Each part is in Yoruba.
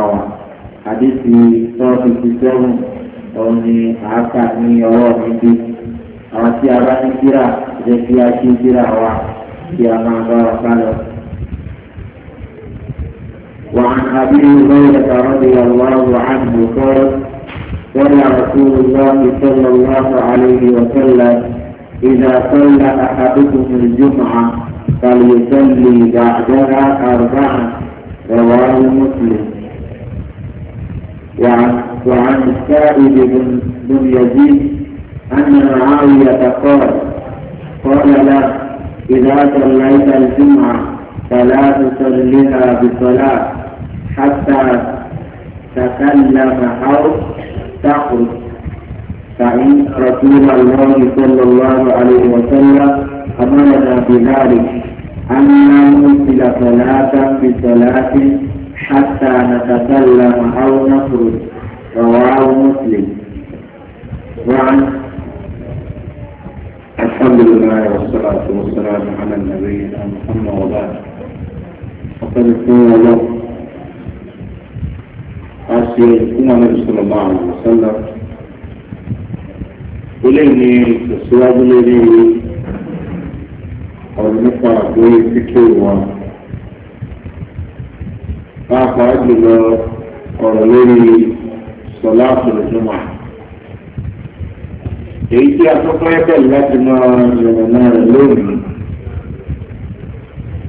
àwà àdéhùn four fifty seven ọ̀nì àáka ní ọwọ́ mi bí àwọn tí a bá ní kíra jẹ́ kí a ṣe kíra wa kí a máa bá wa ká lọ. وعن أبي هريرة رضي الله عنه قال قال رسول الله صلى الله عليه وسلم إذا صلى أحدكم الجمعة فليصلي بعدها أربعا رواه مسلم وعن السائب بن, بن يزيد أن معاوية قال قال له إذا صليت الجمعة فلا تصليها بصلاة حتى تكلم أو تخرج فإن رسول الله صلى الله عليه وسلم أمرنا بذلك أن نرسل صلاة بصلاة حتى نتكلم أو نخرج رواه مسلم وعن نعم. الحمد لله والصلاة والسلام على النبي محمد وبعد فقد قال له أصل كما النبي صلى الله عليه وسلم إليه السواد الذي أو نفع به فكر pàápàá jùlọ ọ̀rọ̀ lórí sọlá àtọ̀lẹ́jọ́mà. èyí tí akọ́kọ́ ẹ̀bẹ̀ láti máa yọ̀rọ̀ náà rẹ̀ lónìí.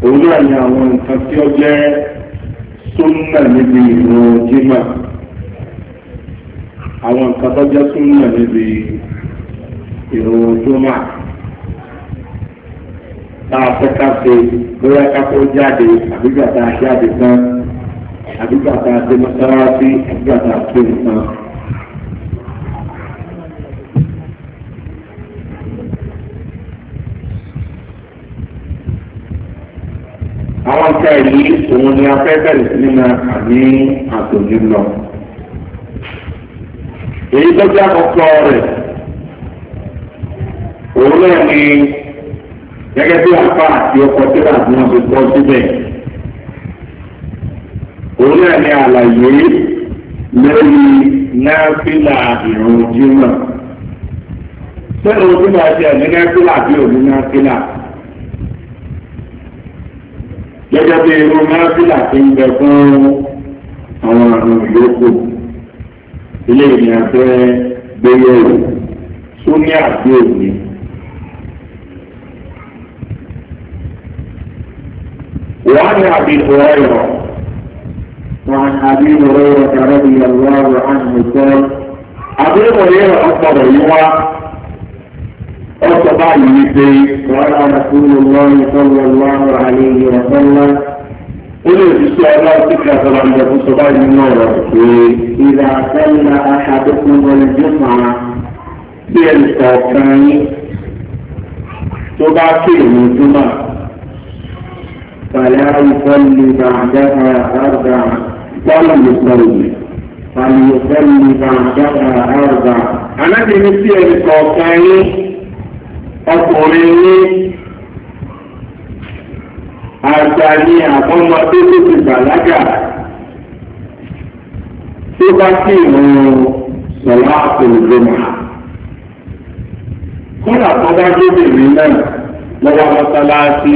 òun náà ni àwọn nǹkan tí ó jẹ́ súnmọ̀ níbi ìlú jimá àwọn nǹkan tó jẹ́ súnmọ̀ níbi ìlú jimá tá a fẹ́ ká ṣe bóyá ká tó jáde àbígbà jáde tán àdúgbò àti àti mọ́sálásí àdúgbò àti àti nǹkan. àwọn ọ̀sẹ̀ yìí òun ni a fẹ́ bẹ̀rẹ̀ sí nínú àmì àtòjú lọ. èyí tó jẹ́ àkọ́kọ́ rẹ̀ òun náà ni gẹ́gẹ́ bí àpá àti ọkọ̀ tí wọ́n ti kọ́ síbẹ̀ orí àmì àlàyé lórí náfìlà ìrùn jimá sẹ́nu jimá ti ẹ̀mí náfìlà bí òní náfìlà gẹ́gẹ́ bí irú náfìlà ti ń bẹ fún àwọn àrùn yòókù ilé ìrìn àfẹ́ gbéyẹ̀wò súnmí àbí òní. وعن ابي هريره وعن أبي هريرة رضي الله عنه قال أبي هريرة أكبر يوما أصبع يدي قال رسول الله صلى الله عليه وسلم قل في السؤال فكرة طبعا يقول إذا صلى أحدكم الجمعة في الكوكاي صباح كلمة الجمعة فلا يصلي بعدها أربعة bọ́ọ̀lù nìkan yìí àlùfẹ́ni nípa àdára àrùbá. Ànábì ní sí ẹnì kọ̀ọ̀kan yín ọkùnrin yín àgbà ni àbọ̀mọ tó tó ti bàlágà tó bá sí ìrùn sọ̀lá àpòlùdọ́mà. Kọ́lá tó bá débìnrin náà lọ́wọ́ mọ́sálásí.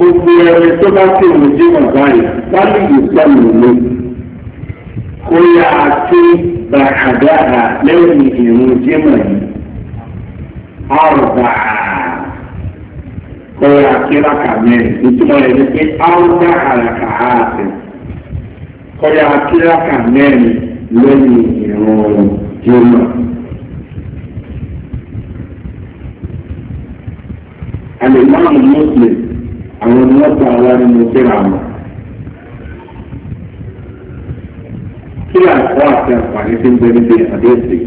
gbogbo ẹni tó bá ti wù jí wọn báyìí wálé ìsọmù ni kó yá a ti bá àdáhà lẹ́yìn ìrún jímọ̀ yìí ọ̀rọ̀bà kó yá a ti rákà ìtumọ̀ rẹ̀ ni pé ọ̀rọ̀bà àràkà ààfẹ́ kó yá a ti rákà lẹ́yìn ìrún jímọ̀. Àlè máa ń mú sílẹ̀ àwọn ni wọ́n tàn wá nínú síra wọn. kí àkọ́ àti àǹfààní ti ń bẹ níbi àdéhùn.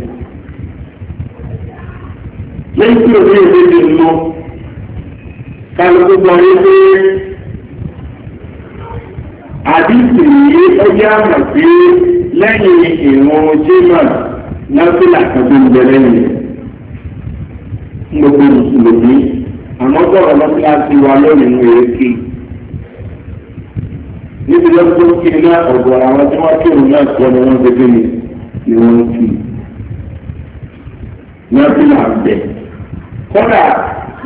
lẹ́yìn tí òbí èdè ti mọ kálukú gbọ́ yé pé àdìsí yìí ọjà àmọ̀ pé lẹ́yìn ìwọ̀n jimá náà kan tó ń bẹ lẹ́yìn. gbogbo mùsùlùmí. àmọ́ sọ̀rọ̀ wa lónìí ní èékì níbi lọ́sọ̀ kí ní ọ̀dọ̀ àwọn tí wọ́n kírun náà sọ ni wọ́n gbégbé ni ni wọ́n kì í nọ́ọ̀tìlà bẹ̀.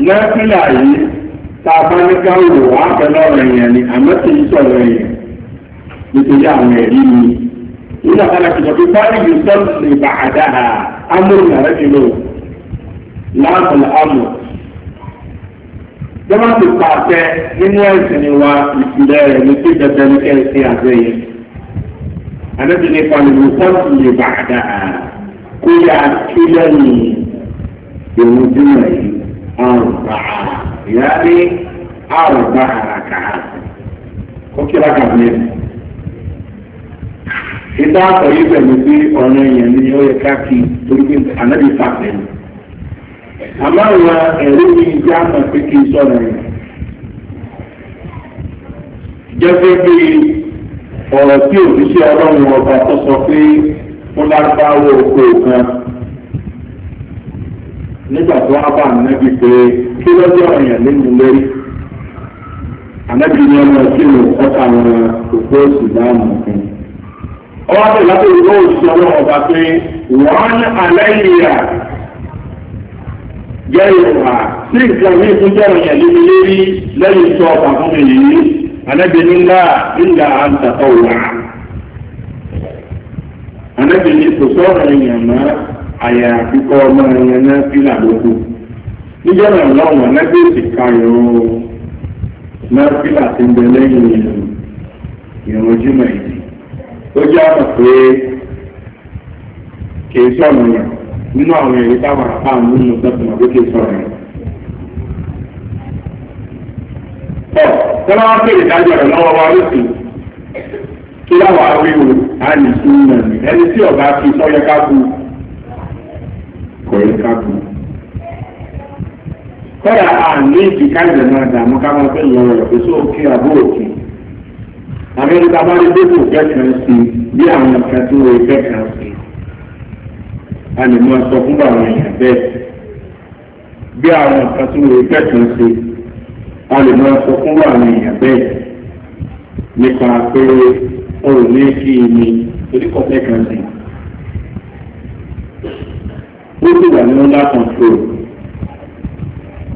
nọ́ọ̀tìlà yìí tá a bá ní ká á ni àmọ́ kì í sọ̀rọ̀ èèyàn nítorí àwọn ẹ̀rí mi. nínú àwọn akẹ́kọ̀ọ́ tó bá ní ìsọ́ọ̀tì ìbàdàn àmúrùn àrẹ́jùlọ jọba ti pàṣẹ nínú ẹ̀sìn wa ìpìlẹ̀ rẹ̀ ní pé dandan ní kẹ́sì àgbẹ̀yẹ. Àdébí ní pàlùbù sọ́ọ̀tù lè bá a dà á kó yá kí lẹ́yìn ìwọ̀n jùlọ yìí àrùn bá a ìyá ní àrùn bá a kà á. Ó kí lákà bíi ìdá àkọ́yé pẹ̀lú pé ọ̀ràn èèyàn ni ó yẹ ká kí torí pé ànábì pàṣẹ ni. àmọ́ era ẹ̀rí ihe a na pé kí n sọ̀rọ̀ bí ọ̀rọ̀ tí òṣìṣẹ́ ọlọ́run ọba tó sọ pé oko kan nígbà tó wá bá ànábì pé kí lọ́jọ́ ọ̀yàn nínú lórí ànábì ni ọmọ kí ló ọ̀tà àwọn òkú oṣù dáhùn ọwọ́ àti ìlàtọ̀ ìlú òṣìṣẹ́ ọlọ́run ọba pé wọ́n á gẹ́rùwà sí nǹkan ní ìpínlẹ̀ ọ̀yàn lébi lérí lẹ́yìn tó ọkà fún mi yìí na ńlá ńlá àǹtàkọ̀ wà. anábìíní kò sọ̀rọ̀ èèyàn mọ́ àyà àfikọ́ ọmọ èèyàn náà sí làlókù. níjọ́ na lọ́wọ́ anábìíní kayọ̀ náà sí ń bẹ lẹ́yìn ojúmọ̀ ó jẹ́ àmọ̀ pé kì í sọ̀rọ̀ nínú àwọn ẹ̀rí táwọn àpáà ń sọ̀rọ̀ yẹn. ìdájọ́ rẹ̀ lọ́wọ́ wa lóṣù kí láwọn awéwo á lè sún náà ní ẹni tí ọ̀gá fi sọ́yẹ́ ká kú kò yẹ ká kú. Kọ́dà àní ìdíkàjẹ̀ náà dààmú ká fẹ́ ìyọ̀rọ̀ rẹ̀ pé sóòkè àbúrò kì í. Amẹ́ríkà bá fẹ́ a lè máa sọ fún àwọn èèyàn bẹ́ẹ̀ bí àwọn nǹkan tí wọ́n kẹ́kọ̀ọ́ ṣe a lè máa sọ fún àwọn èèyàn bẹ́ẹ̀ nípa pé ọ̀rọ̀ ní kí ni oníkọ̀ọ́fẹ́ kan sí. ó sì wà ní ọlá kọ̀ǹtrol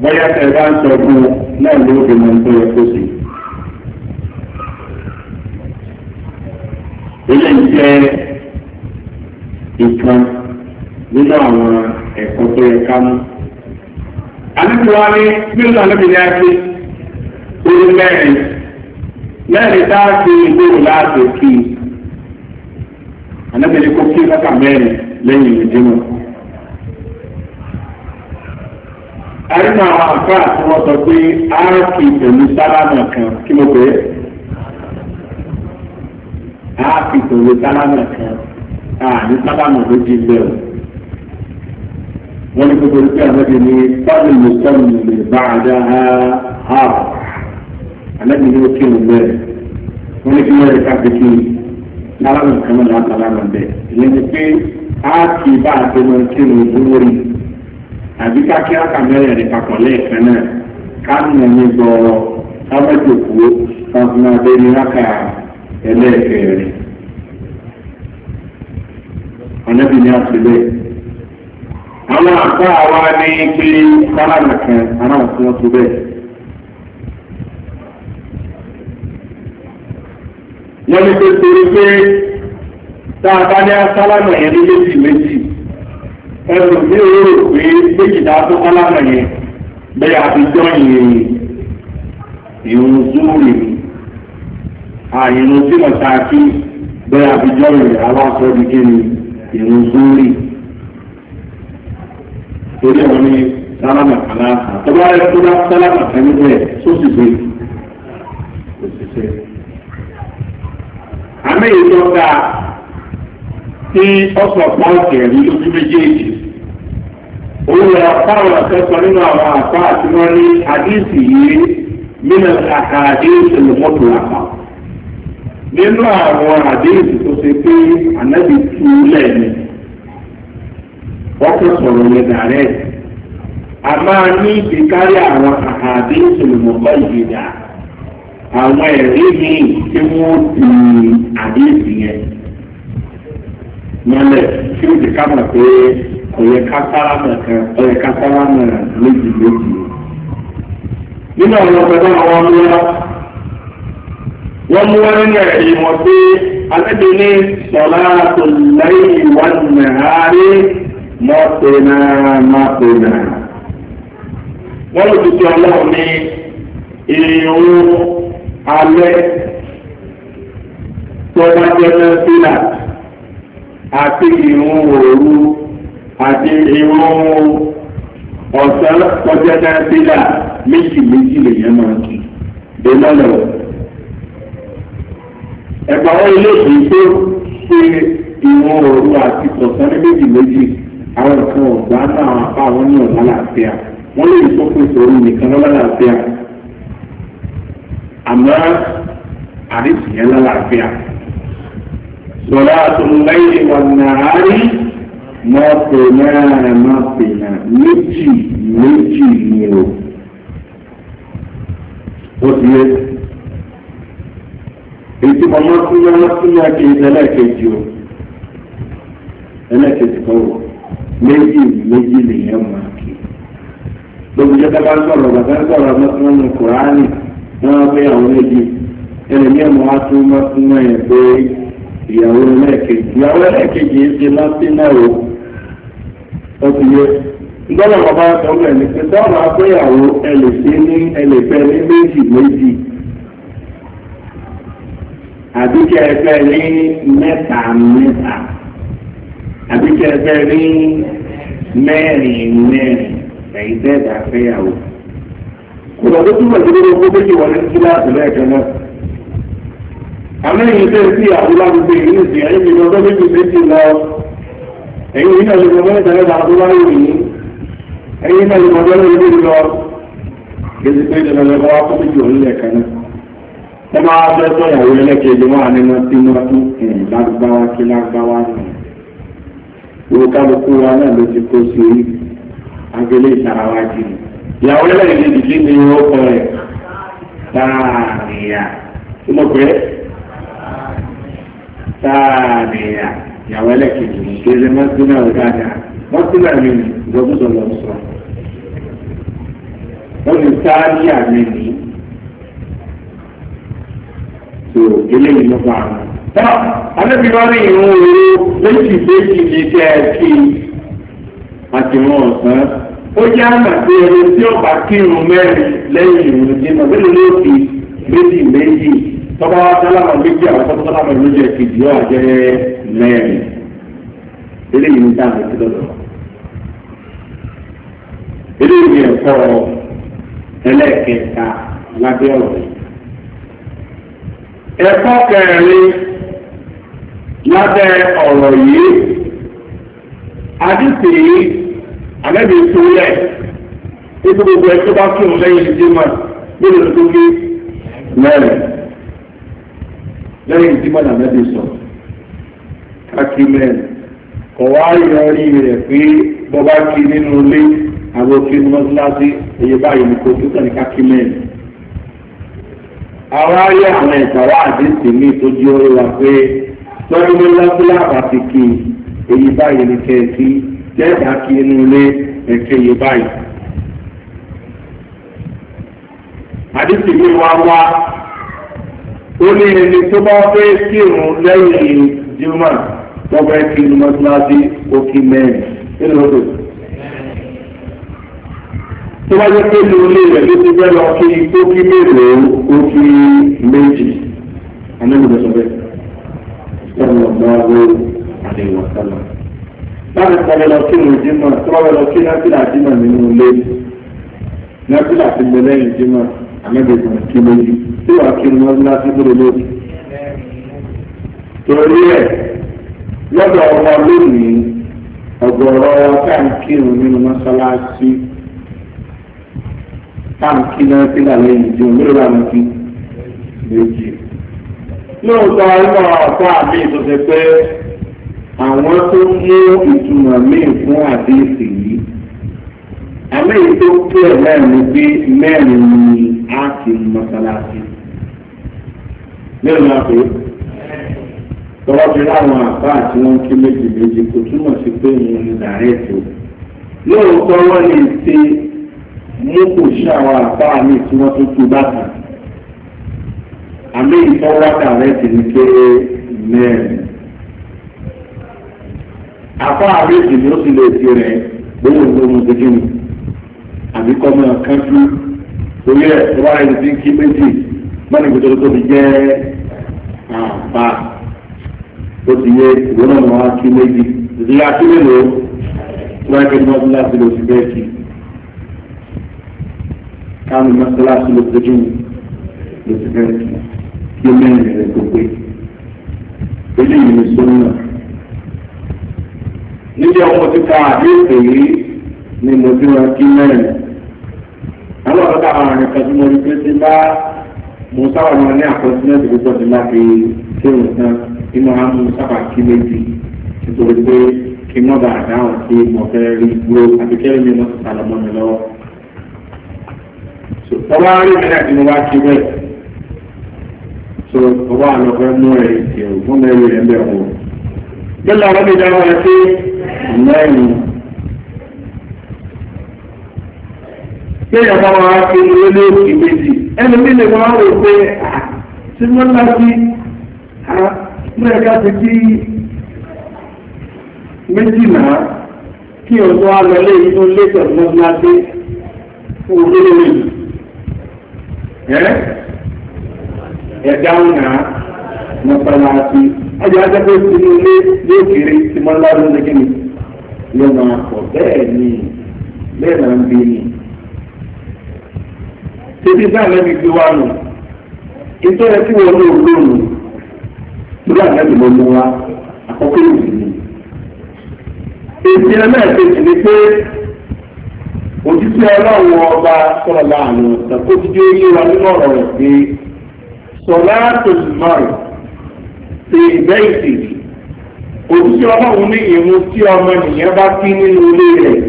bóyá tẹ bá ń sọ fún un náà ló fi mọ nǹkan yẹ kó sí. eléyìí jẹ́ ìkan nínú àwọn ẹ̀kọ́ tó yẹ ká mú. àníkùwá ní mílíọ̀nù àlọ́bì ní ake orí mẹ́rin mẹ́rin tá a fi ìgbóhùn láti kí i àlọ́bì ní kó kí bàtà mẹ́rin lẹ́yìn ìdímọ̀. àrínà àwọn àfáà tí wọ́n sọ pé a kì í pẹ̀lú sálámà kan kí ló pé a kì í pẹ̀lú sálámà kan a ní sálámà méjì bẹ́ẹ̀ o wọ́n ní gbogbo ìpín ànábì ní fáwọn mùsùlùmí lè bá àdá ha ha ànábì ní òkè òun bẹ́ẹ̀ wọ́n ní kí wọ́n rẹ̀ ká fi kí láràmù kan náà láta láràmù bẹ́ẹ̀ ìyẹn ni pé a kì í bá àti ọmọ kí òun dúró rí àbí ká kí á kà mẹ́rẹ̀ rẹ̀ papọ̀ lẹ́ẹ̀kan náà ká nà ní gbọ́ọ̀rọ̀ ká mẹ́jọ kú kan fún abẹ́ ní rákà ẹlẹ́ẹ̀kẹ́ rẹ̀ ànábì ní àtúbẹ̀ẹ́ àwọn àgbà wa ní pé sálàmù kan aráàlú tí wọ́n ti bẹ́ẹ̀. wọ́n ní pé torí pé dáadáa ní sálàmù yẹn ní méjì méjì ẹnu ní òwúrò pé méjì dáa tó sálàmù yẹn bẹ́ẹ̀ àtijọ́ yìí ìrùn zúùrì àìrùn tí wọ́n ta kí bẹ́ẹ̀ àtijọ́ yìí aláṣọ di kí ni ìrùn zúùrì torí àwọn ní sálámà aláàfà tó bá yẹ kó bá sálámà kan níbẹ̀ sósì gbé òṣìṣẹ́. àmì ìtọ́ka tí ọ̀sọ̀ pọ́ọ̀kì ẹ̀rí lójú méjèèjì olùwà fáwọn akẹ́kọ̀ọ́ nínú àwọn àpá àti wọn ní àdéhùn yìí nínú àkàdé ìṣẹ̀lẹ̀mọ́tò àpá nínú àwọn àdéhùn tó ṣe pé ànábì tú lẹ́yìn wọ́n kò sọ̀rọ̀ yẹn dàrẹ́ a máa ní ìdíkárí àwọn àhàbí ìṣòlùmọ̀kọ́ ìgbìdà àwọn ẹ̀rí mi tí wọ́n fi àdéhùn yẹn mọ́lẹ̀ tí ó ti ká mọ̀ pé kò yẹ ká sára mọ̀ kan kò yẹ nínú àwọn ọ̀pẹ̀lẹ̀ àwọn ọmọ wọ́n mú wọn nínú ẹ̀rí wọn pé alẹ́ bí ní sọ̀lá tó lẹ́yìn nàárẹ̀ mọ́pẹ́nà mọ́pẹ́nà. wọ́n lọ tuntun ọlọ́run ní irun alẹ́ tọ́lájọ́nà sílà àti irun òru àti irun ọ̀sán tọ́jọ́nà sílà méjì méjì lèyàn máa kì í lọ́nà. ẹ̀gbọ́n ilé ìgbésó ṣe ìwọ̀n òru àti ọ̀sán méjì méjì àwọn nǹkan ọ̀gbà náà àwọn apá àwọn ní ọ̀gá làáfíà wọ́n lè sọ pé sọ̀rọ̀ nìkan lọ́lá làáfíà àmọ́ àdìsíyẹn lálàáfíà sọ̀rọ̀ àtúnlẹ́yìn wà nàárí mọ́pè náà mọ́pè náà méjì méjì ni o ó ti yẹ ètò ọmọ sílẹ̀ ọmọ sílẹ̀ kejì ẹlẹ́ẹ̀kejì o ẹlẹ́ẹ̀kejì kan wò méjì méjì lèyẹn mọ̀ kí. lóbi jẹ́ kábà sọ̀rọ̀ bàbá sọ̀rọ̀ mọ́tún kùránì wọ́n á pé àwọn méjì ẹlẹ́ni ẹ̀mọ́ á tún mọ́tún náà yẹn pé ìyàwó ẹlẹ́ẹ̀kejì ìyàwó ẹlẹ́ẹ̀kejì yìí ti mọ́tún náà o ó ti yẹ gbọ́dọ̀ bàbá sọ̀rọ̀ ẹ̀ ní pé sọ̀rọ̀ àgbéyàwó ẹlẹ́fẹ́ ní ẹlẹ́fẹ́ ní méjì méjì àbíkẹ́ ẹgbẹ́ ní mẹ́ta mẹ́ta àbí kí ẹ fẹ́ rí mẹ́rin mẹ́rin ẹ̀yìn dẹ́ẹ̀dà fẹ́yàwó. kò lọ tó túbọ̀ síbi gbogbo méjì wọlé kíláàsì lẹ́ẹ̀kan náà. àmọ́ ẹ̀yìn tẹ́ sí àbúrò àdúgbò yìí nìsí ẹ̀yìn mi lọ́dọ́ méjì méjì lọ. ẹ̀yìn yìí náà lè mọ mẹ́ta lẹ́ta àbúrò yìí. ẹ̀yìn náà lè mọ mẹ́ta méjì lọ. gẹ́gẹ́ pé ìjọba lọ́wọ́ wá fún méjì wọlé lẹ́ẹ̀kan náà. wọ́n máa fẹ́ sọ ìyàwó ẹlẹ́kẹ̀ẹ́jọ máa ní ìwé kálukú wa náà ló ti kó sí orí agbélé ìtara wa jì ní. ìyàwó ẹlẹ́yìn ìdílé ni ó kọ rẹ̀ sáàmìyà tí mo pè é sáàmìyà ìyàwó ẹlẹ́kìnì ní kéde mọ́tínà ọ̀gáda mọ́tínà mi ní ìgbọ́gbọ́sọ lọ sọ. wọ́n ti sáàmìyà mi ní. tó eléyìí ló bá a mọ̀ tọ́ anábì wọn ní ìrún òru méjì méjì ní kẹ́ ẹ kí àti wọn ọ̀sán ó jẹ́ àmàtí ẹni tí ó bá kírun mẹ́rin lẹ́yìn ìrún jìnnà nínú lóòkì méjì méjì tọ́ba sálámà méjì àwọn tọ́ba sálámà méjì ẹ̀kejì yóò jẹ́ mẹ́rin eléyìí ní dáhùn sí lọ́dọ̀ eléyìí ní ẹ̀kọ́ ẹlẹ́ẹ̀kẹta lábẹ́ ọ̀rẹ́ ẹ̀kọ́ kẹrin lábẹ́ ọ̀rọ̀ yìí àdìsí àlẹ́bí ìtúlẹ̀ ikú gbogbo ẹ̀ tó bá kí òun lẹ́yìn ìdímọ̀ lórí ìdókè mẹ́rin lẹ́yìn ìdímọ̀ làlẹ́bí sọ káàkiri mẹ́rin kọ̀ wá yọrí rẹ̀ pé bọ́bá kí nínú ilé àwọn òfin ní mọ́síláṣí èyí báyìí ní kò ní káàkiri mẹ́rin àwọn ayé àwọn ìgbà àdìsí mi tó di wa pé lọ́dún ní lábúlá àbàtìkì èyí báyìí ní kẹ́ẹ̀kí lẹ́ẹ̀bà kí inú ilé ẹ̀kẹ́ yìí báyìí. àdìsí mi wá wá ó ní ẹni tó bá fẹ́ kírun lẹ́yìn jimá wọ́n fẹ́ kí inú mọ́tíláṣí òkè mẹ́rin nínú odò. tó bá yẹ pé inú ilé rẹ̀ ló ti fẹ́ lọ kí ókí mélòó ókí méjì àmì ìgbésọ̀ bẹ́ẹ̀ sọ́nà ọ̀gbọ́n àlè wọ̀sánà. láti sọ̀rọ̀ lọ sí ìlú jímọ̀ sọ̀rọ̀ lọ sí náfìlà jímọ̀ nínú ilé náfìlà ti lọ lẹ́yìn jímọ̀ àmẹ́bẹ̀ẹ́gbọ̀n kí lójú tí wàá kí wọn láti gbọ́dọ̀ lójú. torí ẹ̀ lọ́dọ̀ ọba lónìí ọ̀gọ̀rọ̀ táǹkìrùn nínú mọ́sálásí táǹkì náà sílà lẹ́yìn lórí àwọn kí lójú lóòótọ́ inú ọ̀tá mi tó ṣe pé àwọn tó mú ìtumọ̀ míì fún àdéhùn yìí àmì tó kú ẹ̀ lẹ́nu pé mẹ́rin ni a ti mọ́sálásí mẹ́rin náà pé tọ́wọ́ fi láwọn àbá àti wọn kí méjì méjì kò túmọ̀ sí pé òun ni dàrẹ́tò lóòótọ́ wọ́n lè ṣe mú kò ṣe àwọn àbá mi tí wọ́n tó tó bàtà àmì ìfọwọ́ta rẹ̀ ti ní pé mẹ́rin. Afọ́ àríjì ni ó sì lè fi rẹ̀ gbóhùn lóhun dídínú. Àbí kọ́mọ kánjú orí ẹ̀ tó wá ẹni tí ń kí méjì mọ́ni gbèsè tó fi jẹ́ àbá tó ti yẹ ìwé náà wá kí méjì. Ìdílé akí mélòó tó wáyé pé mọ́tò láti lè fi bẹ́ẹ̀ kí. Káàmù mọ́tò láti lè fi dídínú lè fi bẹ́ẹ̀ kí kí mẹ́rin rẹ̀ tó pé eléyìí ni sọ́nà. níbi ọmọ ti àdéhùn yìí ni mo ti ra kí mẹ́rin. àwọn ọ̀dọ́ àwọn àrùn kan tí mo rí pé ti bá mo sábà máa ní àkọsílẹ̀ tó pọ̀ sí láti kírun tán kí mo á mú sábà kí méjì nítorí pé kí mo bá àdáhùn sí mo fẹ́ rí gbúrò àti kẹ́rin mi mo ti sàlọ́mọ́ mi lọ́wọ́. tọ́lá rí mi náà tí mo bá kí bẹ́ẹ̀ so ọba àlọ́fẹ́ mú ẹ ẹ̀rù fún ẹrù ẹ̀ ń bẹ̀ wọ̀. bẹ́ẹ̀ làwọn mi dára wọn pé mẹ́rin kéèyàn bá wọn á fi ilé ní òkè méjì ẹni mi lè wọn á rò pé ṣé wọ́n ná sí mẹ́ẹ̀ká ti kí méjì náà kí ọ̀dọ́ alọ́lé yìí tó lé pẹ̀lú ọdún adé fún olóore yìí ẹ̀dá ọ̀nà mọ́sálásí ọjà àjẹpẹ́ sínú ilé yóò kéré tí mọ́ lọ́dún ní kíni yóò máa pọ̀ bẹ́ẹ̀ ni bẹ́ẹ̀ máa ń bí ni. títí náà lẹ́bi gbé wa nù ìtọ́ ẹ tí wọ́n ní olóòrùn nígbà lẹ́bi mo mú wa àkọ́kọ́ ìlú ni. èsì ẹlẹ́ẹ̀kejì ni pé òjijì ọlọ́run ọba sọ̀rọ̀ láàánú ọ̀sán kó ti dé orí wa nínú ọ̀rọ̀ rẹ̀ pé. صلاة المرء في بيته òtútù ọlọ́run ní ìrún tí ọmọ nìyẹn bá kí nínú ilé rẹ̀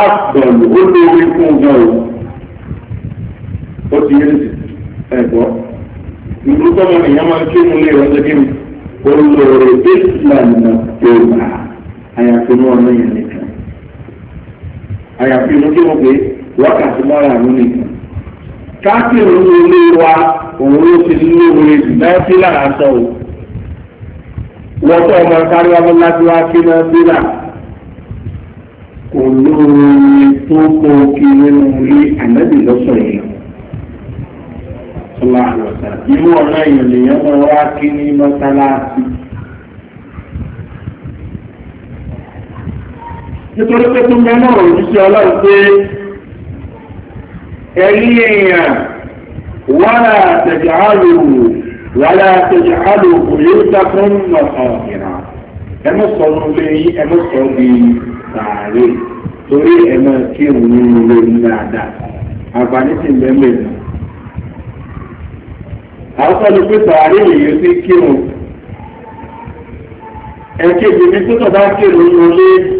á bẹ̀rù ó lórí fún ọjọ́ o ó ti yé ẹ̀gbọ́ ìlú tọ́mọ nìyẹn máa ń kí nínú ilé rẹ̀ ọjọ́ kí ni ó lórí ìsìlànà ìgbà àyàfi mọ́ ọ̀nà yẹn nìkan àyàfi mú kí wọ́n pé wákàtí mọ́ra àánú nìkan káàkiri ilé wa òun ló ti lóore náfìlà aṣọ o wọ́tọ̀ ọmọ sáré ọmọ láti wá sí náfìlà kò lóore tó kó kí nínú ilé ànábì lọ́sọ̀ yìí irú ọ̀nà ìrìnlẹ̀yìn ọmọ wa kí ní mọ́sálásí. nítorí pé tó ń bẹ náà òjíṣẹ́ ọlọ́run pé ẹ̀yìn èèyàn wọ́nà tẹ̀jàálù wọ́nà tẹ̀jàálù kò lè dákún nọ̀kan ìrà ẹmọ́ sọ lórí yín ẹmọ́ sọ bí sàárè torí ẹmọ́ kí òun nínú lórí dáadáa àǹfààní sì bẹ́ẹ̀ àwọn sọ́dún pé sàárè èèyàn sí kírun ẹ̀kejì ní tó tọ̀ bá kírun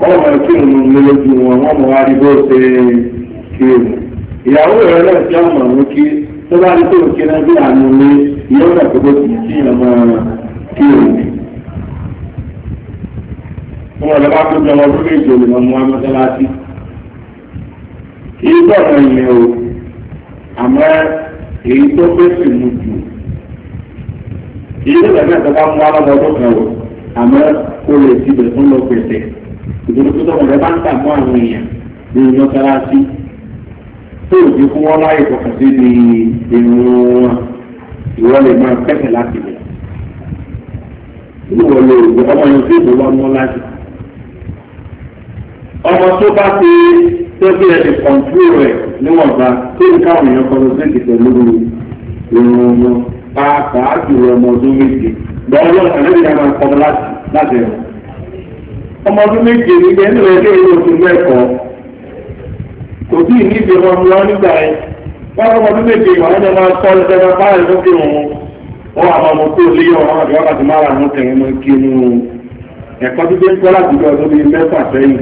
wọ́n mọ̀ kí òun ní lójú wọn wọ́n mọ̀ wá rí bó ṣe kí òun. ìyàwó rẹ̀ náà ti ọmọ òun kí tó bá rí tó kí náà bí àánú ní ìyá náà tó bó ti kí ọmọ kí òun. wọ́n lọ bá tó jọ ọdún méje olùmọ̀ mú amọ́sálásí. kì í bọ̀rọ̀ ìyẹn o àmọ́ èyí tó fẹ́sẹ̀ mú jù èyí tó tẹ̀lé ìtọ́ka mú alọ́dọọdún kan o àmọ́ kó lè ti bẹ̀ tó lọ pèsè ìdílé tó tọmọ rẹ bá ń dààmú àwọn èèyàn lórí mọ́sálásí tó òjì fún wọn láyè kọkàn sí ní irun wọn ìwọ lè máa kẹsẹ̀ láti bẹ̀. ìwọ lè wọ ọmọ yẹn tó ìbò wọn mọ́ láti. ọmọ tó bá ti tó bí ẹ ti kọ̀ǹtúrò rẹ̀ níwọ̀nba tó ń káwọn èèyàn kọ́ lọ sí ìkìtẹ̀ lórí irun wọn pàápàá jùlọ ọmọ ọdún méje lọ́wọ́ ọ̀sán lẹ́yìn àwọn akọ́mọ láti ẹ̀wọ̀n. ọmọ ọdún méje níbẹ̀ nínú ẹgbẹ́ ìlú òfin mẹ́kọ̀ọ́ kò tí ì ní ìdí ọmọ mi wọn nígbà yẹn wọn ọmọ ọdún méje ìwà ẹni máa sọ ẹsẹ máa bá ẹni wọn àwọn ọmọ tó lé ọmọ àti wọn máa ràn tẹ̀wé mọ́ kí inú ẹ̀kọ́ tó dé láti ọdún bíi mẹ́fà sẹ́yìn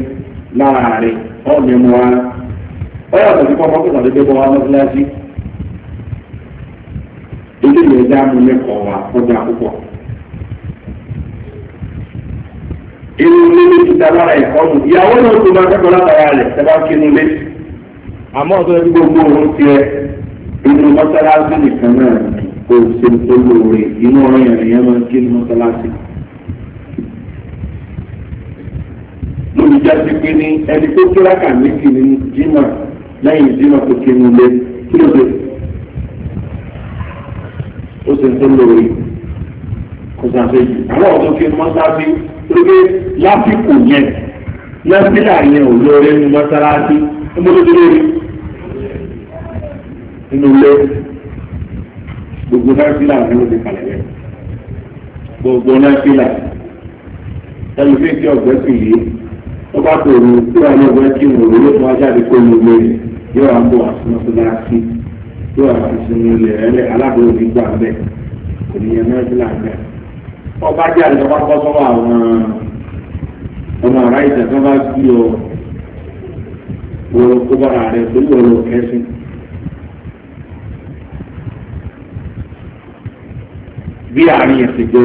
láàárín wa inú ilé ló ti da lára ìkọ́nù ìyàwó náà tó máa kẹ́kọ̀ọ́ látara rẹ̀ tẹ́ bá kí inú ilé àmọ́ ọ̀tọ́ ẹbí gbogbo òun ti ẹ inú mọ́sálásí nìkan náà kò ṣe tó lóore inú ọ̀rọ̀ yẹn yẹn máa kí inú mọ́sálásí. lórí jáde pé ní ẹni tó kíláàkà méjì ní jimá lẹ́yìn jimá tó kí inú ilé kí ló dé ó ṣe tó lóore kò sàfẹ́jì àwọn ọ̀tọ́ kí inú mọ́sálásí pé lásìkò yẹn lọ́sílà yẹn ò lọ rẹ ní mọ́sálásí ọmọdébìnrin rí nínú ilé gbogbo lọ́sílà ni ó ti kalẹ̀ yẹn gbogbo lọ́sílà ẹlòmíì tí ọ̀gbẹ́ sì yé tó bá tòrò tí wọ́n ní ọgbẹ́ kí wọ́n ló fún ajáde kó ní ilé rẹ̀ yóò wá ń bọ̀ àsomọ́sálásí yóò wá fi sinmi ilẹ̀ rẹ̀ alábòrò nígbà bẹ́ẹ̀ kò ní yẹn mọ́sálásí ọba jẹ́ àjọba kọ́ sọ́wọ́ àwọn ọmọ ará ìtẹ̀ tó bá bí ọ wọ́n kó bára rẹ̀ pẹ̀lú ọ̀rọ̀ kẹsìn. bí àárín ẹ̀sìn jẹ́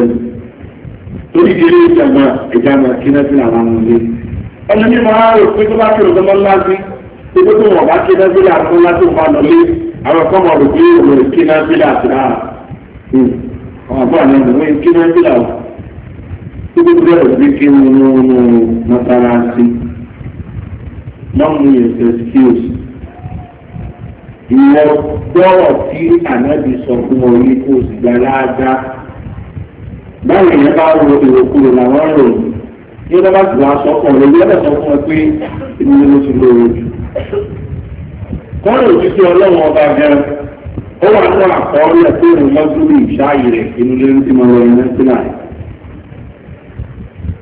torí ìdílé ìjàmbá ìjàmbá kí náà sí àwọn ọmọ ilé. ọmọ mi máa rò pé tó bá kí ọ̀dọ́mọ ńlá sí pé tó wọ̀n bá kí náà sí àwọn ọmọ ńlá tó bá lọ lé àwọn ọkọ̀ mọ̀ rò pé òun rò kí náà sí àtìláà àwọn àbúrò àmì ẹ̀dùn wọ́n kí wọ́n bí làwọn tó tó bẹ̀rẹ̀ sí kí wọ́n ní wọn mọ́sálásí wọ́n mú ẹ̀sẹ̀ skills ìwọ gbọ́rọ̀ tí ànábì sọ fún ọ yìí kò sì gbà láàdá báwo yẹn bá wo ìròkúrò làwọn rò ní ọjọ́ bá ti wá sọ fún ọ lórí ọ̀dọ̀ sọ fún ọ pé ìdílé ló ọlọ́run ọba gan-an ó wà ní àkọọ́lẹ̀ tí òun lọ́dún ní ìṣáàyè rẹ̀ inú lé ní mo lọ iná sílà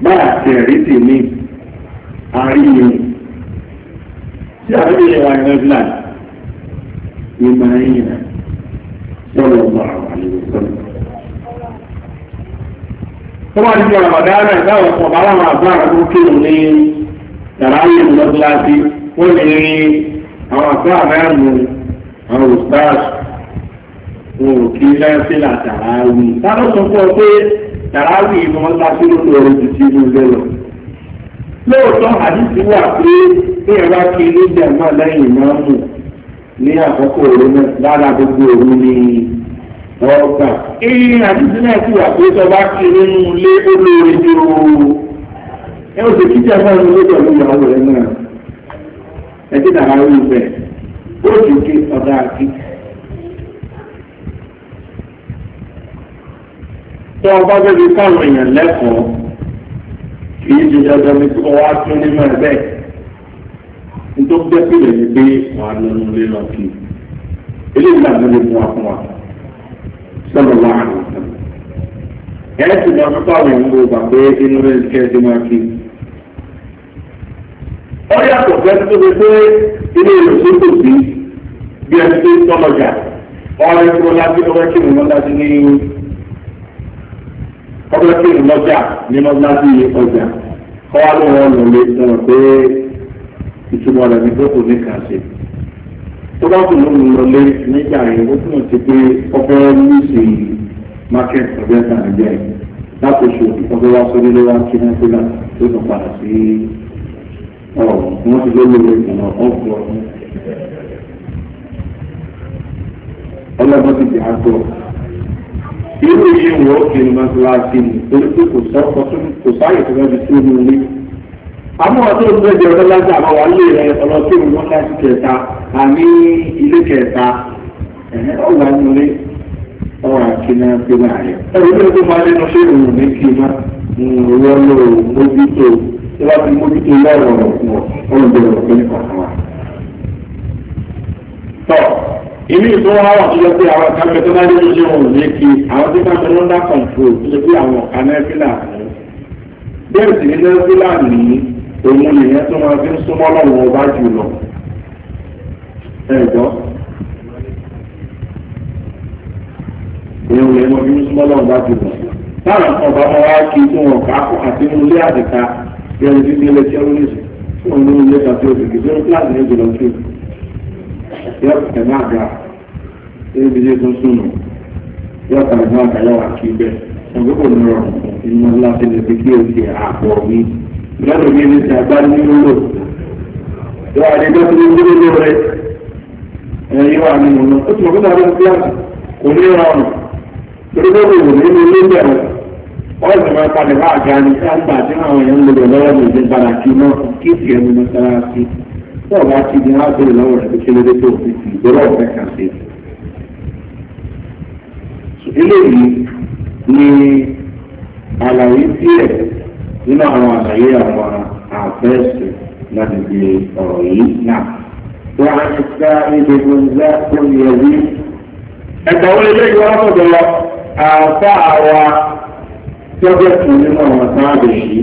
báyà ti ẹ̀rí sì ní àríyé tí àríyé lè wá iná sílà ní máa ń yìnà sọ́dọ̀ ọgbà àwọn àlejò sọ́dọ̀. tó wà nínú àbàdàrà ìdáwọ̀ ọ̀bá àwọn àbúrò àdúgbò kírun ní yàrá yìí lọ́dún láti wọ́n lè rí àwọn àbúrò àbáyà mú àwọn òṣìṣẹ́ òkè lẹ́sẹ̀ là tàràwì táwọn sọ fún ọ pé tàràwì ìmọ̀ ńláṣẹ́ ló lọ orí ti sínú ilé lọ. lóòótọ́ àdìsí wà pé bí ẹ bá kí ní jẹ̀mọ́ lẹ́yìn náà mú ní àkókò òru náà lára gbogbo òru ni wọ́n gbà. ee àdìsí náà sì wà pé sọ bá kí nínú ilé olóore ní ooru. ẹ ó sì kí jẹ̀mọ́ ní ilé pẹ̀lú ìyàwó rẹ náà. ẹ ti tàràwì bẹ̀ ó sì ké ọ̀dà àkíkì. tó ọba bẹ́ẹ̀ bí káwọn èèyàn lẹ́kọ̀ọ́ kì í ṣe dandan ní kí ọwọ́ tún nínú ẹ̀ bẹ́ẹ̀ nítorí jẹ́ pìlẹ̀ ni pé wàá lọ́nu lé lọ kí eléyìí náà ló lè mú wa fún wa sọ́nà wà á lọ sọ́nà. ẹ̀ ẹ́ sì máa fipá àwọn èèyàn wo gbà pé inú rẹ̀ kẹ́ ẹ́ ti máa kí. ó yàtọ̀ fẹ́ tó fi pé ilé ìròyìn kò sí bí ẹni tó ń tọ́lọ̀jà ọ̀rẹ́ tó lábẹ́ ọ̀rẹ́ kí ọjọ́ tí ń lọ́jà ní mọ́gbájú ọjà kọ́wá ló wọ́n lò lé sọ pé ìtumọ̀ rẹ̀ ní gbogbo ní kà ṣe. tó bá kùn ló ń lọ lé nígbà yẹn ó túmọ̀ sí pé ọbẹ̀ lùsì market ọbẹ̀ nàìjíríà yìí lákòóso ọbẹ̀ wá sórí ló wá kí ní ẹgbẹ́ tó tún padà sí ọ̀rọ̀ wọ́n ti lóye ìgbìmọ̀ ọ̀gbọ̀n ọlọ́gbọ́n ti dì á irú yìí wọ́n kì í máa láti ní torí pé kò sọ ọtún kò sáyè tó lọ́dún sí inú ilé. àmọ́ ọtún ń bẹ̀rẹ̀ ọdún láti àwọn wà lè rẹ ọlọ́tún wọn láti kẹta àní ilé kẹta ọ̀wà nílé ọ̀wà kí náà gbé láàrin. ẹ̀rọ ilé tó máa lẹ́nu ṣé ìrùn ní kí má ìrọ̀lọ́ mójútó tí wọ́n ti mójútó lọ́rọ̀ ọ̀pọ̀ ọ̀rọ̀ ìbẹ̀rẹ̀ ọ̀pẹ̀ nípa ilé ìtọ́ wa wà tó yẹ pé àwọn kan bẹ tó náà lórí ṣé wọn ò ní kí àwọn tí wọn fẹ́ under control tó yẹ pé àwọn kan náà fi là ní. bẹ́ẹ̀ sì ní náà fi là ní òun nìyẹn tó máa fi ń súnmọ́ lọ́wọ́ ọba jù lọ. ẹ gbọ́ èèyàn lè mọ bí ń súnmọ́ lọ́wọ́ ọba jù lọ. táwọn kan bá wá kí tí wọn àti inú ilé àdìka bí ẹni tí ilé ẹlẹ́tí ọlọ́ọ̀nì ní ilé kan tí yau ka na ga ebi zai sun na yawa kibe sun ga ko ya da ne ne ta ba ni nuro ya da ga sun nuro ne ni mun ko to ga da ba ko ne rawo ko ko ko ne ne ne da wọ́n sì máa padà bá ń gbà tí àwọn èèyàn ń lò lọ́wọ́ pọ̀ bá ti di ábẹ́rẹ́ lọ́wọ́ rẹ̀ pé kí ló dé tó fi fi ìgbọ́rọ̀ ọ̀fẹ́ kan ṣe. eléyìí ni àlàyé díẹ̀ nínú àwọn àlàyé àwọn àfẹ́sẹ̀ láti di ọ̀rọ̀ yìí náà. wọ́n á ti sá ibi gbòǹgbà tó yẹ wí. ẹ̀ka wọlé ilé ìwé ọ̀sọ̀dọ̀ lọ àfa àwa tọ́jọ́ kan nínú àwọn sáàbẹ̀ yìí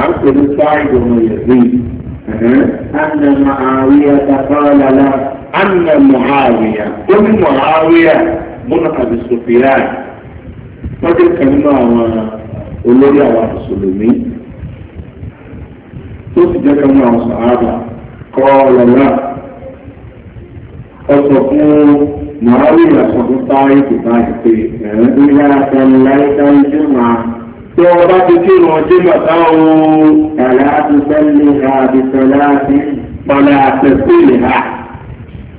à ń pè ní sáà ìgbòmọ̀ yẹ̀ أن معاوية قال لا أن معاوية قل معاوية منقذ السفيان فقل كلمة أولي يا واحد السلمين تسجد كلمة وصعادة قال لا أصفو معاوية صفو طائف طائف إذا صليت الجمعة tó o bá ti tí ìrùn ọjọ́ màtá o. Ẹ̀rọ àtúntẹ́lì ha bí sọlá sí. Ọ̀la àtẹ̀sílì ha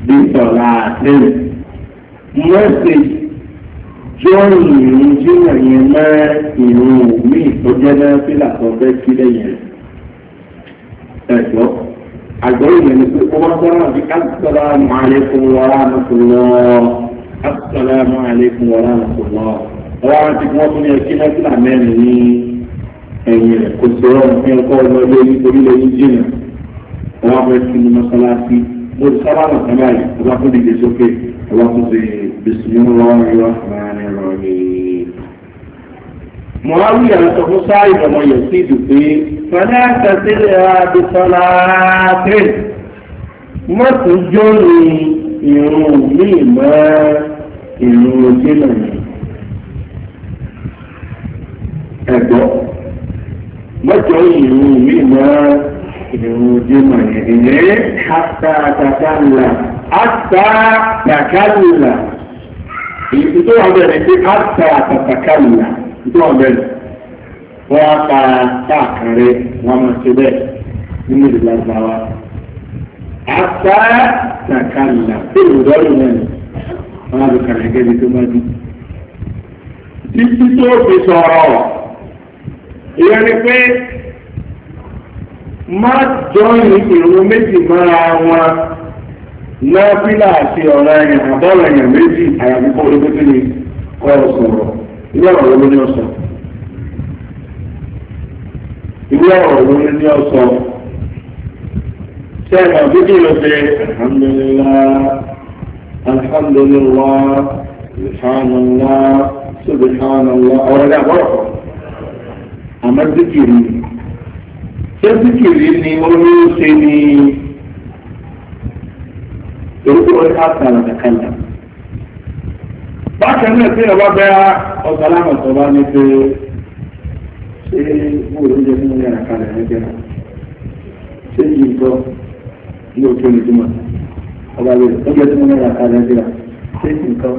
bí sọlá sí. Mẹ́sẹ̀gì jọ́ọ̀nù ìrùn jìnnà yẹn mẹ́ ìrùn mi tó jẹ́ náà fílà tó bẹ́ sílẹ̀ yẹn. Ẹ̀gbọ́n àgbọ̀yìn yẹn ni pé ó wá sára bí asalaamualeykum wa rahmatulah asalaamualeykum wa rahmatulah wọ́n á ti wọ́n tún ní ẹkí mẹ́tìlá mẹ́rin ní ẹ̀yìn rẹ̀ kò sí ọ̀rọ̀ fún ẹ̀kọ́ ọmọ ilé nítorí lẹ́yìn jìnnà wọ́n á fẹ́ tún ní mọ́sálásí mo ti sábà nà sábà yìí wọ́n bá tún dìde sókè wọ́n tún ṣe bìsìmí lọ́wọ́ yọ àmàlẹ́ rọ̀lẹ́. Mọ̀láwíyà sọ fún sáì ọmọ yẹn sí ìdù fẹ́lẹ́ àtẹ̀sílẹ̀ àdìsọ́lá ẹ̀gbọ́ mọ́jọ ìrùn mi mọ́ ìrùn jímọ̀ ìrìn àtà tàkàlà àtà tàkàlà ìtò ọ̀bẹ rẹ̀ pé àtà tàkàlà ìtò ọ̀bẹ rẹ̀ wọ́n á pa káàkiri wọn mọ̀ sí bẹ́ẹ̀ nínú ìlú àgbáwá àtà tàkàlà tí ìrùdọ́rù náà wọn á lò kàrẹ́gẹ́ ní tó bá dùn títí tó fi sọ̀rọ̀ ìyẹn ni pé má jọyìn ìrún méjì mọ́ra wọn lọ́fílà àti ọ̀rọ̀ ẹ̀yàn àbọ̀rọ̀ ẹ̀yàn méjì àyàfi kó olóko tó ní kọ́ ọ̀sọ̀rọ̀ ilé ọ̀rọ̀ ló ní ọ̀sọ̀ ilé ọ̀rọ̀ ló ní ọ̀sọ̀ sẹ́ẹ̀mà bíbí ló ṣe alhamdulilá alhamdulilá subhanallah subhanallah ọ̀rọ̀ ẹ̀dá àbọ̀rọ̀ àmọ́ zikiri ṣé zikiri ni olóyún ṣe ni orúkọ wọn ká sàrà kankan bákan náà tí ọba bẹ ọgbà láwọn ọba ní pé ṣé mo ò ní jẹ fún mi yàrá kalẹ̀ ní jẹ́ ṣé yìí ń gbọ́ ní òkè onídùmọ̀ ọba lè ó jẹ́ fún mi yàrá kalẹ̀ ní ṣé yìí ń gbọ́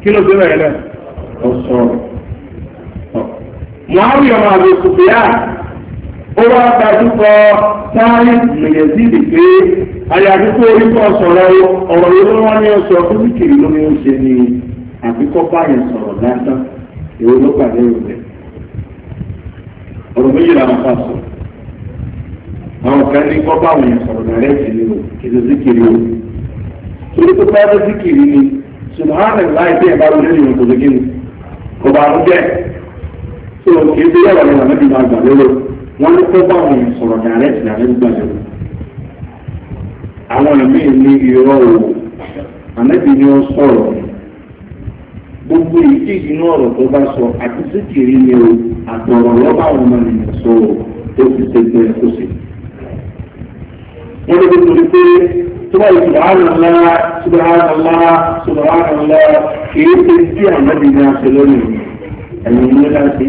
kí ló gbé bẹ̀rẹ̀ náà ọ̀sọ̀rọ̀. Muawiya ọmọ Abu Sufyan ó wá gbajúkọ sáré mẹ̀yẹ̀sídì pé ayàdúgbò orí kan sọ̀rọ̀ ọ̀rọ̀ yìí wọ́n ní ọ̀sọ̀ fúnìkìrì ló ní ó ṣe ni àbíkọ́ báyẹn sọ̀rọ̀ lásán èwo ló pàdé rẹ̀ ọ̀rọ̀ méjì làwọn fà sọ àwọn kan ní kọ́ báwọn yẹn sọ̀rọ̀ dàrẹ́tì ni o kìlọ̀ síkìrì o torí pé báyọ̀ síkìrì ni sùnmọ́ àrẹ̀ láì bí ẹ̀ bá lóyún ìrìn kò so ebi yàrá ni wọn bí máa gbà lérò wọn ní kó bá àwọn èèyàn sọ̀rọ̀ direct ní àlẹ́ gbà lérò àwọn míì ní irọ́ o ànábì ni ó sọ̀rọ̀ gbogbo ìdí inú ọ̀rọ̀ tó bá sọ àti síkìrì ni o àtọ̀rọ̀ lọ́ba àwọn ọmọ ènìyàn sọ o tó fi ṣe gbé ẹ̀ kó sí. wọ́n lè fi torí pé tó bá ìsùbáhánàlá ṣùgbọ́hánàlá ṣùgbọ́hánàlá kì í ṣe tí ànábì ni a ṣe lónìí ẹ̀yìn ní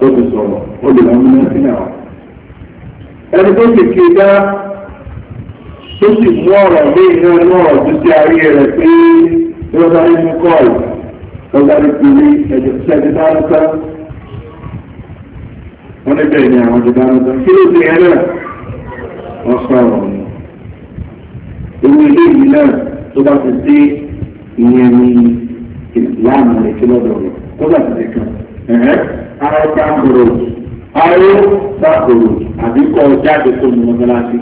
ó ti sọ̀rọ̀ ó lè lọ́mú náà sí náà. ẹni tó sì ké dá tó sì mú ọ̀rọ̀ lé iná inú ọ̀rọ̀ tó ti ayé rẹ̀ pé lọ́sàrí mú kọ́ọ̀lù lọ́sàrí kiri ẹ̀jẹ̀ tí a ti dáná sá. wọ́n ní bẹ́ẹ̀ ni àwọn ti dáná sá. kí ló ti yẹn náà? wọ́n sọ̀rọ̀ ni. ewu ilé yìí náà tó bá ti dé ìyẹn ní ìlànà ìkílọ́dọ̀ rẹ̀ tó bá ti dé kan àwọn gbàgbòrò ayé gbàgbòrò àbí kọ́ jáde tó ní mọ́tálásí.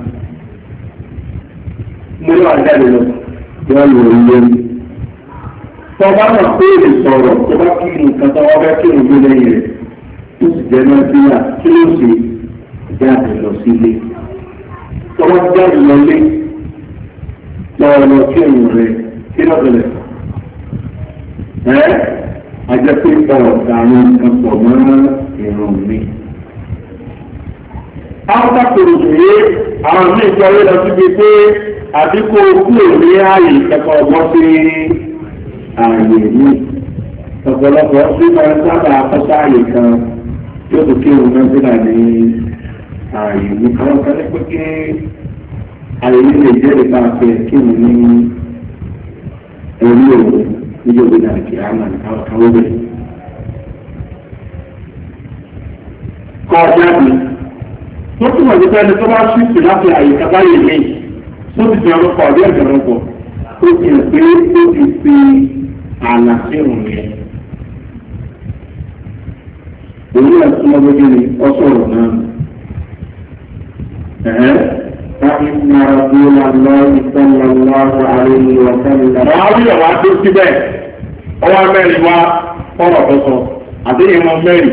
mo yọ àjáde lọ yọ lò ó lórí. tọ́ba náà péèrè sọ̀rọ̀ tó bá kí nǹkan tó wá bẹ́ kí n gbé lẹ́yìn rẹ̀ tó sì jẹ́ nàìjíríà kí ló ṣe jáde lọ sílé. tọ́ba jáde lọ lọ́wọ́ lọ kí n rẹ̀ kí lọ́dọ̀ ajẹ́ pé ọ̀ọ̀dà àwọn nǹkan pọ̀ mọ́ ìrùn mi. Áwọ́tà kòrò pé àwọn míì sọ wí lọ síbi pé àdínkù kúrò ní ààyè ìkẹ́kọ̀ọ́ ọgbọ́n sí ààyè mi. Ọ̀pọ̀lọpọ̀ sí máa ń sábà afẹ́sẹ́ ààyè kan yóò tó kí òun náà sílà ní ààyè mi. Àwọn kan ní pé kí ààyè mi lè jẹ́ ìta pé kí òun ní orí òun níjọ́ gbé náà kì í àmà ní káwọn káwọn bẹ̀rẹ̀. kọ́ jáde tó túmọ̀ nípa ẹni tó bá ṣíṣì láti àyíká báyìí mí tó ti fi ọmọ pọ̀ ọdún ẹ̀gbẹ̀rún pọ̀ ó fi hàn pé ó ti fi ààlà sí òun yẹn. òun náà túmọ̀ gbẹ́gbẹ́ ni ọ sọ̀rọ̀ náà. فإن رسول الله صلى الله عليه وسلم راوي وعدل سباك ọwọ́ mẹ́rin wá fọ́rọ̀ tọ́sọ àdéhìí wọn mẹ́rin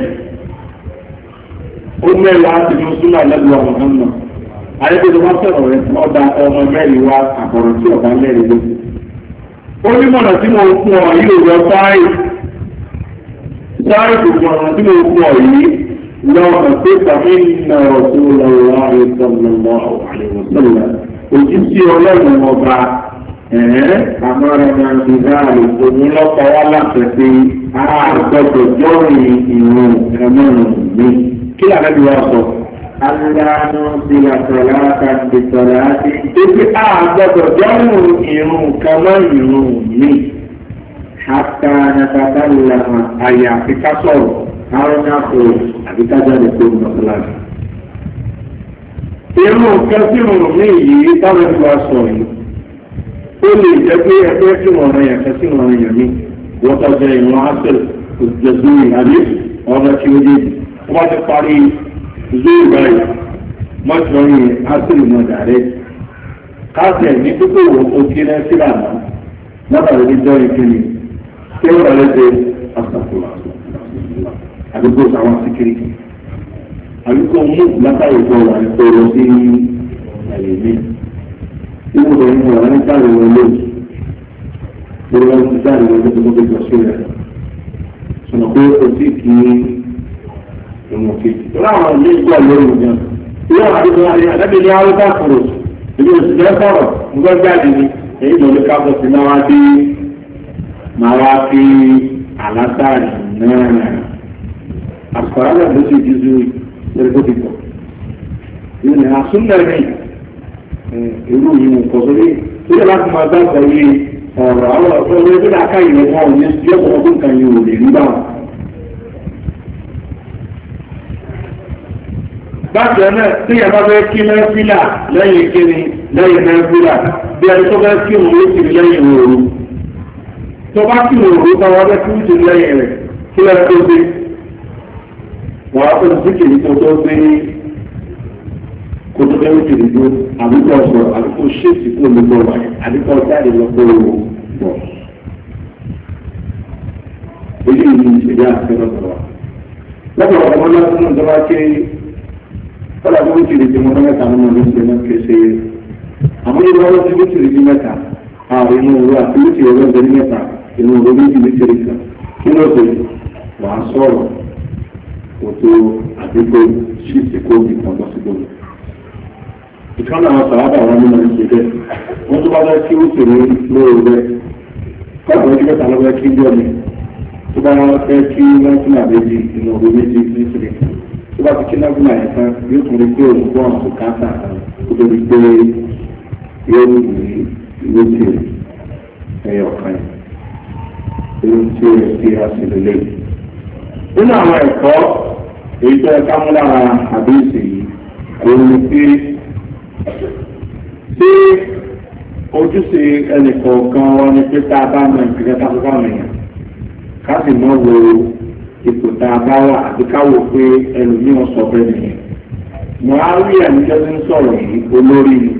ó mẹ́rin wá sí fún súnmọ́ ìlẹ́gbẹ̀ẹ́ ọmọ náà nà ayébíyẹ wọn sọ̀rọ̀ rẹ̀ ọ̀dà ọmọ mẹ́rin wá àbọ̀rọ̀ tí ọ̀dà mẹ́rin lé ó ní mọ̀nà tí mo fún ọ yìí lọ sáré sáré kò mọ̀nà tí mo fún ọ yìí lọ ọ̀sẹ̀ tàbí nà ọ̀sẹ̀ lọ́wọ́ àrẹ sọ̀rọ̀ lọ́wọ́ àrẹ wọ̀sẹ̀ lọ́wọ́ òjì sí ọlọ́run ọba àmọ́ra máa fi dáàbò tó ní lọ́pọ̀ wá láti fi àgbẹ̀tọ̀ jọ́rin ìrù ẹ̀mọ́rùn mi. kí àbẹ́bí wa sọ? aláàánú sí àtọ̀lá àti ìtọ̀lá àti títí àgbẹ̀tọ̀ jọ́rin ìrù kẹmọ́ ìrù mi. àtà nàbàbà ìlànà àyà àfikà sọ̀rọ̀ àwọn àpò àfikà jáde tó ń bọ̀ láti. mi yìí táwọn ẹgbẹ́ wa sọ yìí ó lè jẹ́ pé ẹgbẹ́ tí wọ́n rẹ̀ yàn kẹ́ sí wọ́n rẹ̀ yàn mí wọ́n tọ́ jẹ ìwọ̀n ápẹ́l òjò zóòrì àbí ọ̀rọ̀ tí ó dé wọ́n bá ti parí zóòrì báyìí wọ́n ti rọ̀ yìn ápẹ́l mọ̀ dàrẹ́ káàtẹ̀ ní pípé wọ́n tó kí rẹ́ síra mọ́ látàrí ní jọ́ ìkíni tí ó rẹ̀ lẹ́sẹ̀ àtàkùrọ̀ àdúgbò sáwọn síkiri àdúgbò mú látàrí ìfọwọ́ àìkọ̀rọ̀ sí àyè nínú ìwé ìwé àwọn ìjáde wọn lónìí lórí wọn ti jáde wọn lójú tó gbẹjọ sí rẹ sọnà pé o sì kí ìwọ̀n kejì. láwọn ilé ìgbà lórí ìwé ìwé àwọn àdúgbò wọn ni àdábì ní arúgbó àkùrò ìbí oṣù jẹ́ sọ̀rọ̀ nígbà jáde ni èyí ló ní kábọ̀ sí náà wá dé máa wá kí àlátàrí náà àkọ́rọ́ àgbà ló ti dúdú lórí irú yìí nǹkan sórí tí yàrá kò máa dáàbò yé ọ̀rọ̀ àwọn ọ̀rọ̀ ẹgbẹ́ náà ká ìwé wọn ò ní yẹ kó wọn tó nǹkan yìí ò lè rí bá wọn. bákan náà tí yàrá fẹ́ kí náà fílà lẹ́yìn kíni lẹ́yìn náà bí ẹni tó fẹ́ kí òun ó sì lẹ́yìn òru tó bá kí òun ó bá wọn fẹ́ kí ó sì lẹ́yìn rẹ̀ kí lẹ́yìn tó gbé wàá tó ti kéde kó tó fẹ́ẹ́ tèrè ló àbíkọ́ sọ̀rọ̀ àbíkọ́ ṣéètì kó ló lọ wáyé àbíkọ́ jáde lọ pé o bọ̀. èyí ni ìṣẹ̀lẹ̀ àfẹ́rọ̀ sọ̀rọ̀ lọ́pọ̀ ọ̀pọ̀ náà fún ìjọba ké kọ́lá tó ń tèrè tìmọ̀ mẹ́ta nínú ọdún tẹ̀ náà kése àmọ́ ìjọba wọn ti ń tèrè tí mẹ́ta àwọn inú òru àti méjì ọ̀rọ̀ ọ̀dẹ mẹ́ta inú òru méjì méjì rẹ̀ kan kí ló dé wàá sọ̀rọ̀ kò tó àdégbò ìkànnì àwọn sàábà wọn ní wọn ṣe bẹ́ẹ̀ wọ́n tó bá bá kí ó sì rí lóore bẹ́ẹ̀ káàbọ̀ ẹgbẹ́ mẹ́ta ló bá kí jọ ni tó bá fẹ́ kí nágúnà méjì ìnà òwe méjì ní sílẹ̀ tó bá ti kí nágúnà yẹn tán yóò tún rí pé òun gbọ́ àwọn bùkátà kó tó rí pé yóò ní ìwé tiẹ̀ ẹ̀yọ̀ kan yìí ohun tí ó yẹ kí a sì lélẹ̀. nínú àwọn ẹ̀kọ́ èyí tó ẹ mú lára àbí ìsèyí kò ní pé Ṣé ojúṣe ẹnìkọ̀ọ̀kan wọn ni pé tá a bá mọ ìpínlẹ̀ tá a bá mọ èèyàn? Ká sì mọ wo ipò tá a bá wà àti ká wò pé ẹlòmíràn sọ bẹ́ẹ̀ nìyẹn. Mùhárí àníjọ́ ti ń sọ̀rọ̀ yìí olórí ni.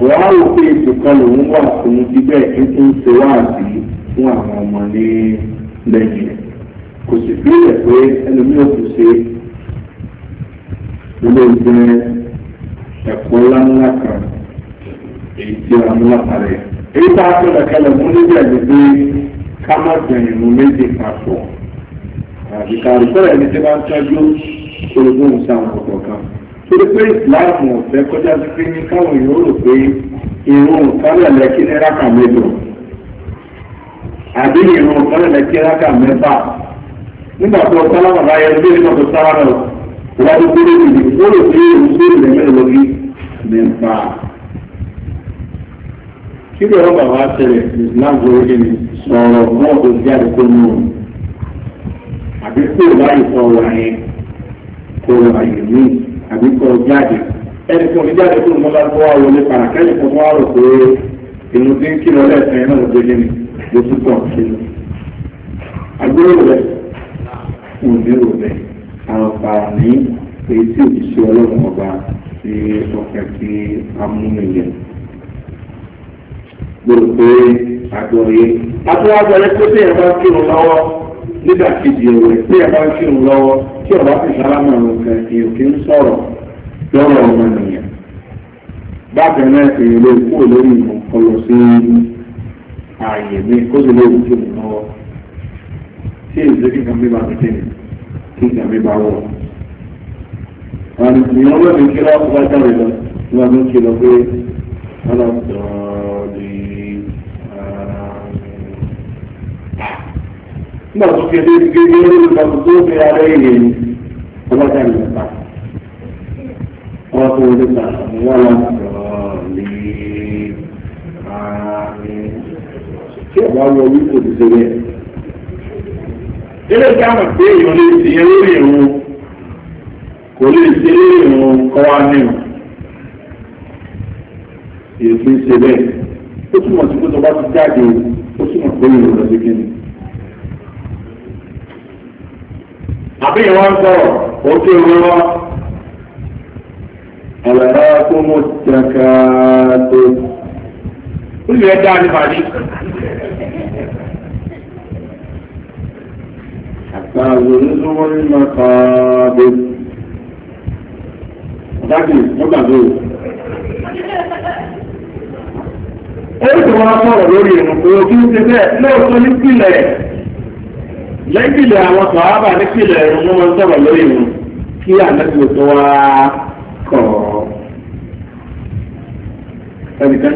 Wọ́n á wò pé ipò kan lòun wà fún ti bẹ́ẹ̀ tó ń ṣe wáàbí fún àwọn ọmọ ní lẹ́yìn Kò sì fi ilẹ̀ pé ẹlòmíràn kò ṣe ilé ẹ̀kọ́ ńláńlá kan èyí tí a mú látàrí ẹ̀. èyí tá a tó lẹ́kẹ́lẹ̀ mú níbi ẹ̀jẹ̀ pé ká má gbẹ̀yìn mú méjì papọ̀ àbíká àrùkọ́rẹ̀ ẹni tí bá ń tọ́jú ológun sáwọn ọ̀pọ̀ kan. torí pé ìsìláàmù ọ̀fẹ́ kọjá sí pé ní káwọn èèyàn rò pé ìrún kánlẹ̀lẹ̀ kí ní rákà mélòó àbí ìrún kánlẹ̀lẹ̀ kí rákà mẹ́fà nígbà tó sálámà báyẹn lórí ìtọ́jú sálámà wọ́n tó kúrò níbi ìfọ́lò tí ó ń sórí rẹ̀ mẹ́rin lórí ní pa. kí ló rọ́ bàbá tẹ̀lé islam lórí kí ni sọ̀rọ̀ náà tó di àdúgbò náà àbí kó o bá ìfọ̀ wà yẹn kó o wà yẹn ní àbí kó o jáde ẹni tó ń jáde tó ń mọ́lá tó wà wọlé para kẹ́lí kan tó wà rò pé inú tí ń kí lọ lẹ́sẹ̀ náà ló dé ni ló tún àgbélé rẹ̀ kò ní àǹfààní èyí tí òṣìṣẹ́ ọlọ́run ọba ti ọ̀fẹ́ kí amúnilẹ̀. gbọ́dọ̀ pé àjọ yìí. àtúwájú ẹ pé bí ẹ bá kírun lọ́wọ́ nígbà kejì ẹ̀wẹ̀ bí ẹ bá kírun lọ́wọ́ tí ọba fi sálámà ọ̀run kan èèyàn kì í sọ̀rọ̀ lọ́rọ̀ ọmọ nìyẹn. bákan náà èèyàn lè kúrò lórí ìmọ̀ ọlọ sí ààyè mi kó sì lè wù kí òun lọ́wọ́ tí èèyàn lè bí bá mi tẹ̀lé tí ìjàmbá bá wọ̀. ìyẹn olóògbé kí lọ́wọ́ bá jáde lọ ní kí lọ pé wọ́n lọ sọ̀rọ̀ nígbà tó kéde kéde lórí ìgbàgbọ́ tó fi ara ìyè ni ọba jáde lọ pa ọba tó wọ́n lọ sọ̀rọ̀ kí ọba wọ orí kò ti ilé ìkámọ̀ pé èèyàn lè ṣe é lórí ìrún kò lè ṣe é lórí ìrún kọ́ wá nínú èsì ń ṣe bẹ́ẹ̀ ó túmọ̀ sí pé tó bá ti jáde ó túmọ̀ pé ìrún lọ sí kíni. àbí ìwọ́n sọ̀rọ̀ ó tó ìwọ́n wá ọ̀làrá kó mọ̀ jẹ́ka tó. ó lè dá ka ìmọ̀tààbò dákì mọ́gbàgbò oríṣi wọn sọ̀rọ̀ lórí ìrùn kò kí ń ṣe bẹ́ẹ̀ lóòótọ́ lẹ́gbìlẹ̀ àwọn sọ̀hábà nípìnlẹ̀ ìrùn wọn sọ̀rọ̀ lórí ìrùn kí àlejò tó wá kọ̀ ẹnìkan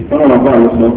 ìtọ́nà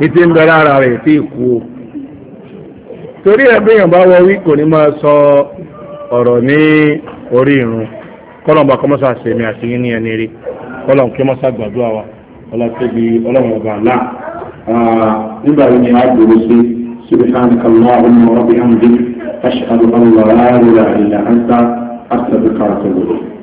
ìtì ń bẹ lára rẹ̀ tí ìkú o torí ẹ̀ bíyàn bá wọ wí kò ní máa sọ ọ̀rọ̀ ní orí irun kọ́lọ̀mbà kọ́mọ́sà sèmi àti yín ní ẹni rí kọ́lọ̀m kí mọ́sà gbàdúrà wa ọlọ́tẹ́bi ọlọ́run ọba nígbà yìí ni a gbèrò sí subhanahu wa rahmatulahi ashhadu an la ilaha illa anta astaghfiruka wa atubu ilayk